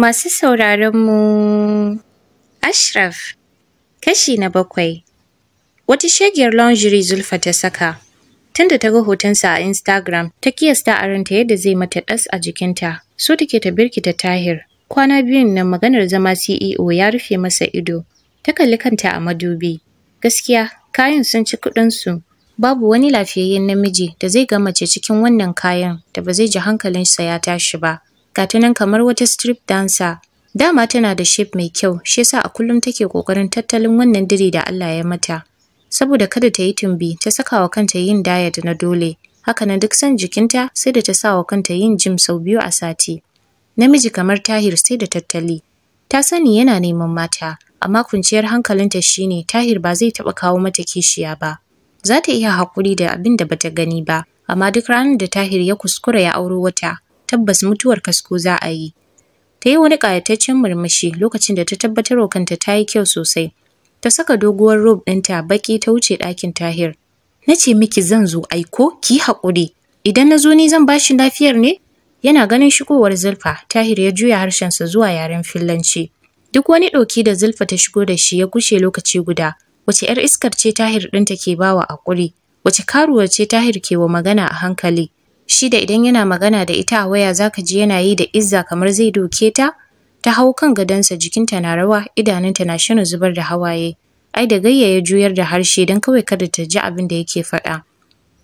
Masu mu, Ashraf, kashi na bakwai. Wata shagiyar lingerie Zulfa ta saka, tunda ta ga hotonsa a Instagram, ta kiyasta a ranta yadda zai mata ɗas a jikinta, so take ta birkita Tahir. Kwana biyun nan maganar zama CEO ya rufe masa ido, ta kalli kanta a madubi. Gaskiya, kayan sun ci kuɗinsu, babu wani lafiyayyen namiji da zai gamace cikin wannan kayan da ba zai ji hankalinsa ya tashi ba. ga nan kamar wata strip dancer dama tana da shape mai kyau shi yasa a kullum take kokarin tattalin wannan diri da Allah ya mata saboda kada ta yi tumbi ta saka wa kanta yin diet na dole haka na duk san jikinta sai da ta sa wa kanta yin gym sau biyu a sati namiji kamar Tahir sai da tattali ta sani yana neman mata amma kunciyar hankalinta shine Tahir ba zai taɓa kawo mata kishiya ba. Za ta iya haƙuri da abin da bata gani ba, amma duk ranar da Tahir ya kuskura ya auro wata, tabbas mutuwar kasko za a yi. Ta yi wani ƙayataccen murmushi lokacin da ta tabbatar wa kanta ta yi kyau sosai. Ta saka doguwar robe ɗinta baƙi ta wuce ɗakin Tahir. Na ce miki zan zo aiko ki haƙuri. Idan na zo ni zan bashi lafiyar ne? Yana ganin shigowar Zulfa, Tahir ya juya harshensa zuwa yaren Fillanci. Duk wani ɗauki da Zulfa ta shigo da shi ya gushe lokaci guda. Wace 'yar iskar ce Tahir ɗinta ke bawa a Wace karuwar ce Tahir ke wa magana a hankali? shi da idan yana magana da ita a waya ka ji yana yi da izza kamar zai doke ta ta hau kan gadonsa jikinta na rawa idanunta na shirin zubar da hawaye ai da gayyaya juyar da harshe don kawai kada ta ji abin da yake faɗa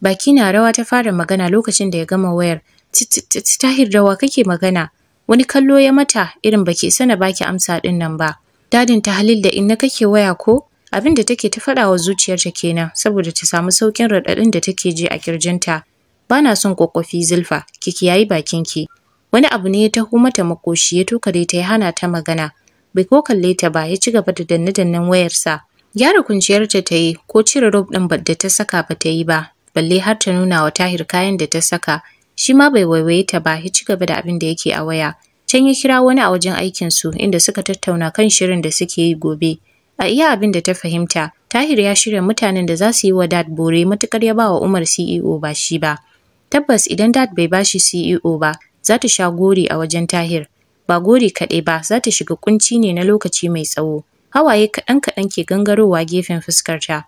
baki na rawa ta fara magana lokacin da ya gama wayar tahir rawa kake magana wani kallo ya mata irin baki sana baki amsa din nan ba dadin ta halil da inna kake waya ko abin da take ta faɗa wa zuciyarta kenan saboda ta samu saukin raɗaɗin da take ji a kirjinta bana son kwakwafi Zulfa, ki bakin ki. Wani abu ne ya taho mata makoshi ya tukare ta ya hana ta magana. Bai ko kalle ta ba ya ci gaba da danne-dannen wayarsa. Gyara kwanciyarta ta yi ko cire rob ɗin da ta saka ba ta yi ba, balle har ta nuna wa Tahir kayan da ta saka. Shi ma bai waiwaye ta ba ya ci gaba da abin da yake a waya. Can ya kira wani a wajen aikin su inda suka tattauna kan shirin da suke yi gobe. A iya abin da ta fahimta, Tahir ya shirya mutanen da za su yi wa Dad bore matukar ya ba wa Umar CEO ba shi ba. Tabbas idan Dad bai ba bashi CEO ba, za ta sha gori a wajen Tahir. Ba gori kaɗai ba, za ta shiga kunci ne na lokaci mai tsawo. Hawaye kaɗan-kaɗan ke gangarowa gefen fuskarta.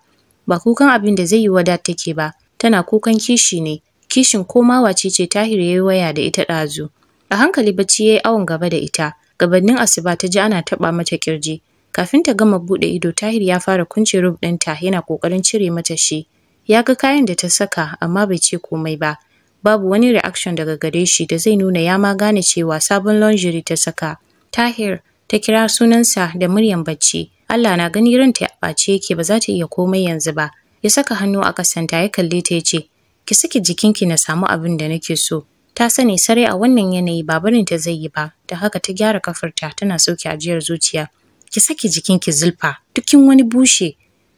Ba kukan abin da zai yi wa Dad take ba, tana kukan kishi ne. Kishin ko ce ce Tahir ya yi waya da ita ɗazu. A hankali bacci ya yi awon gaba da ita. Gabannin asuba ta ji ana taɓa mata kirji. Kafin ta gama buɗe ido, Tahir ya fara kunce rub ɗinta yana ƙoƙarin cire mata shi. Ya ga kayan da ta saka amma bai ce komai ba. babu wani reaction daga gare shi da zai nuna ya ma gane cewa sabon lingerie ta saka. Tahir ta kira sunansa da muryan bacci. Allah na gani ranta ya bace yake ba za ta iya komai yanzu ba. Ya saka hannu a kasanta ya kalle ta ya ce, Ki saki jikinki na samu abin da nake so. Ta sani sarai a wannan yanayi ba barin ta zai yi ba, da haka ta gyara kafarta tana sauke ajiyar zuciya. Ki saki jikinki zulfa, dukin wani bushe.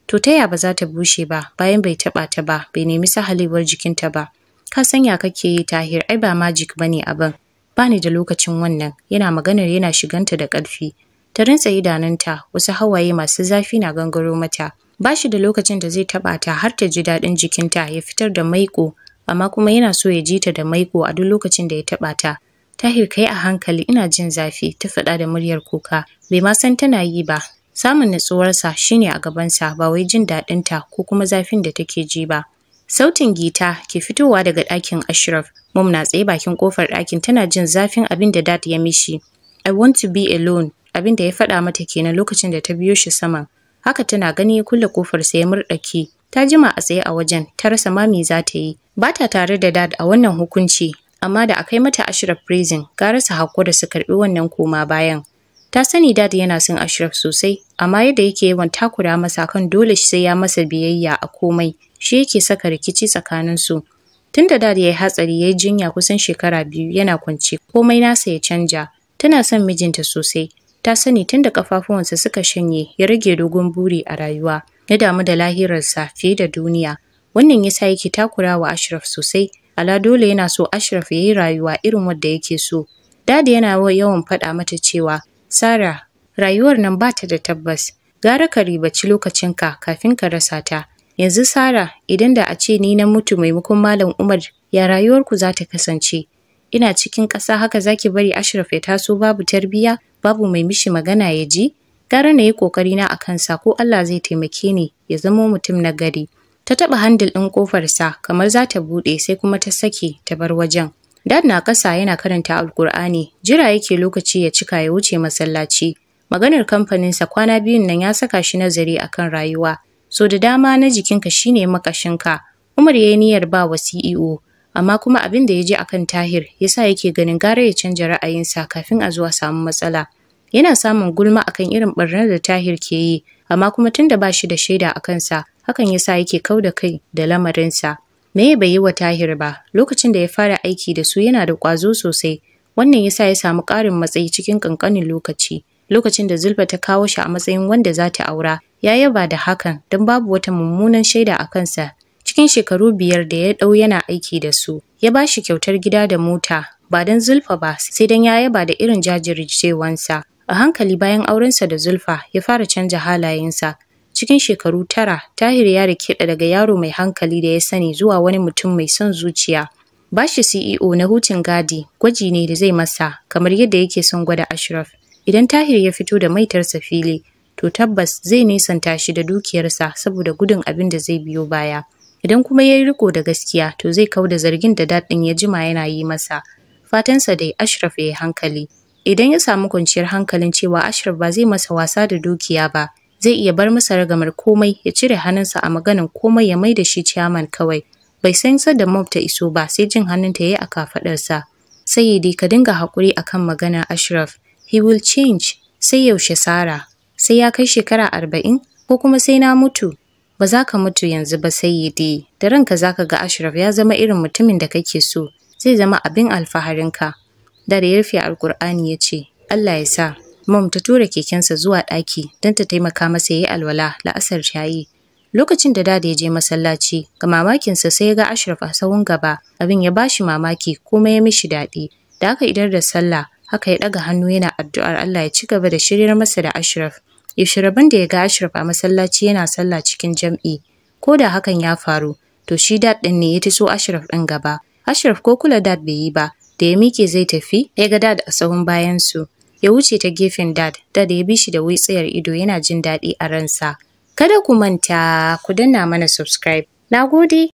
To ta ya ba za ta bushe ba bayan bai taɓa ta ba, bai nemi sahalewar jikinta ba. Ka san ya kake yi Tahir, ai ba magic bane abin. Bani da lokacin wannan, yana maganar yana shiganta da ƙarfi. Ta rinsa idanunta, wasu hawaye masu zafi na gangaro mata. Bashi da lokacin da zai taɓa ta har ta ji daɗin jikinta ya fitar da maiƙo, amma kuma yana so ya ji ta da maiƙo a duk lokacin da ya taɓa ta. Tahir kai a hankali ina jin zafi, ta faɗa da muryar kuka. Bai ma san tana yi ba. Samun natsuwarsa shine a gabansa ba wai jin daɗinta ko kuma zafin da take ji ba. Sautin Gita ke fitowa daga ɗakin Ashraf. Mom na tsaye bakin ƙofar ɗakin tana jin zafin abin da Dad ya mishi. I want to be alone. Abin da ya faɗa mata kenan lokacin da ta biyo shi saman. Haka tana gani ya kulle kofar sai ya murɗaki, Ta jima a tsaye a wajen, ta rasa ma me za ta yi. Ba ta tare da Dad a wannan hukunci, amma da akai mata Ashraf prison, gara su da su karɓi wannan koma bayan. Ta sani dad yana son Ashraf sosai, amma yadda yake yawan takura masa kan dole shi sai ya masa biyayya a komai, shi yake saka rikici tsakaninsu. Tunda dad ya yi hatsari ya yi jinya kusan shekara biyu yana kwance, komai nasa ya canja. Tana son mijinta sosai, ta sani tunda ƙafafuwansa suka shanye ya rage dogon buri a rayuwa, ya damu da lahirarsa fiye da duniya. Wannan yasa yake takura wa Ashraf sosai, ala dole yana so Ashraf ya yi rayuwa irin wanda yake so. Dadi yana yawan faɗa mata cewa Sara, rayuwar nan ba ta da tabbas. Gara ka ribaci lokacinka kafin ka rasa ta. Yanzu Sara, idan da a ce ni na mutu maimakon Malam Umar, ya rayuwarku za ta kasance? Ina cikin ƙasa haka za ki bari Ashraf ya taso babu tarbiyya, babu mai mishi magana ya ji? Gara na yi ƙoƙari na a kansa ko Allah zai taimake ni ya zamo mutum na gari. Ta taɓa handil ɗin ƙofarsa kamar za ta buɗe sai kuma ta sake ta bar wajen. Dad na ƙasa yana karanta Alƙur'ani, jira yake lokaci ya cika ya wuce masallaci. Maganar kamfaninsa kwana biyun nan ya saka shi nazari akan rayuwa. So da dama na jikinka shine makashinka. Umar ya yi niyyar ba wa CEO, amma kuma abin da ya je akan Tahir yasa yake ganin gara ya canja ra'ayinsa kafin a zo a samu matsala. Yana samun gulma akan irin ɓarnar da Tahir ke yi, amma kuma tunda ba shi da shaida a kansa, hakan yasa yake kau da kai da lamarinsa. Me bai yi wa Tahir ba, lokacin da ya fara aiki da su yana da ƙwazo sosai, wannan ya sa ya samu ƙarin matsayi cikin ƙanƙanin lokaci. Lokacin da Zulfa ta kawo shi a matsayin wanda za ta aura, ya yaba da hakan don babu wata mummunan shaida a kansa. Cikin shekaru biyar da ya ɗau yana aiki da su, ya ba shi kyautar gida da mota, ba don Zulfa ba, sai don ya yaba da irin jajircewansa. A hankali bayan aurensa da Zulfa ya fara canja halayensa, Cikin shekaru tara, Tahir ya rikida daga yaro mai hankali da ya sani zuwa wani mutum mai son zuciya. Bashi CEO na hutun gadi gwaji ne da zai masa kamar yadda yake son gwada Ashraf. Idan Tahir ya fito da maitarsa fili, to tabbas zai nisanta shi da dukiyarsa saboda gudun abin da zai biyo baya. Idan kuma ya yi riko da gaskiya, to zai kau da zargin da daɗin ya jima yana yi masa. Fatansa dai Ashraf ya yi hankali. Idan ya samu kwanciyar hankalin cewa Ashraf ba zai masa wasa da dukiya ba, zai iya bar masa ragamar komai ya cire hannunsa a maganan komai ya mai da shi ciyaman kawai. Bai san da Mob ta iso ba sai jin hannunta ya yi a kafaɗarsa. Sayyidi ka dinga haƙuri kan maganar Ashraf. He will change. Sai yaushe Sara. Sai ya kai shekara arba'in ko kuma sai na mutu. Ba za ka mutu yanzu ba Sayyidi. Da ranka za ka ga Ashraf ya zama irin mutumin da kake so. Zai zama abin alfaharinka. Da ya rufe Alƙur'ani ya ce, Allah ya sa. Mom ta tura kekensa zuwa ɗaki don ta taimaka masa ya yi alwala la'asar ta yi. Lokacin da dada ya je masallaci, ga mamakinsa sai ya ga Ashraf a sahun gaba, abin ya bashi mamaki kuma ya mishi daɗi. Da aka idar da sallah, haka ya ɗaga hannu yana addu'ar Allah ya ci gaba da shiryar masa da Ashraf. Yaushe rabon da ya ga Ashraf a masallaci yana sallah cikin jam'i, ko da hakan ya faru, to shi dad ɗin ne ya tiso Ashraf ɗin gaba. Ashraf ko kula dad bai yi ba, da ya miƙe zai tafi, ya ga dad a sahun bayansu. ya wuce ta gefen dad. Dad ya bi shi da wutsiyar ido yana jin daɗi a ransa. Kada ku manta ku danna mana subscribe. Na gode.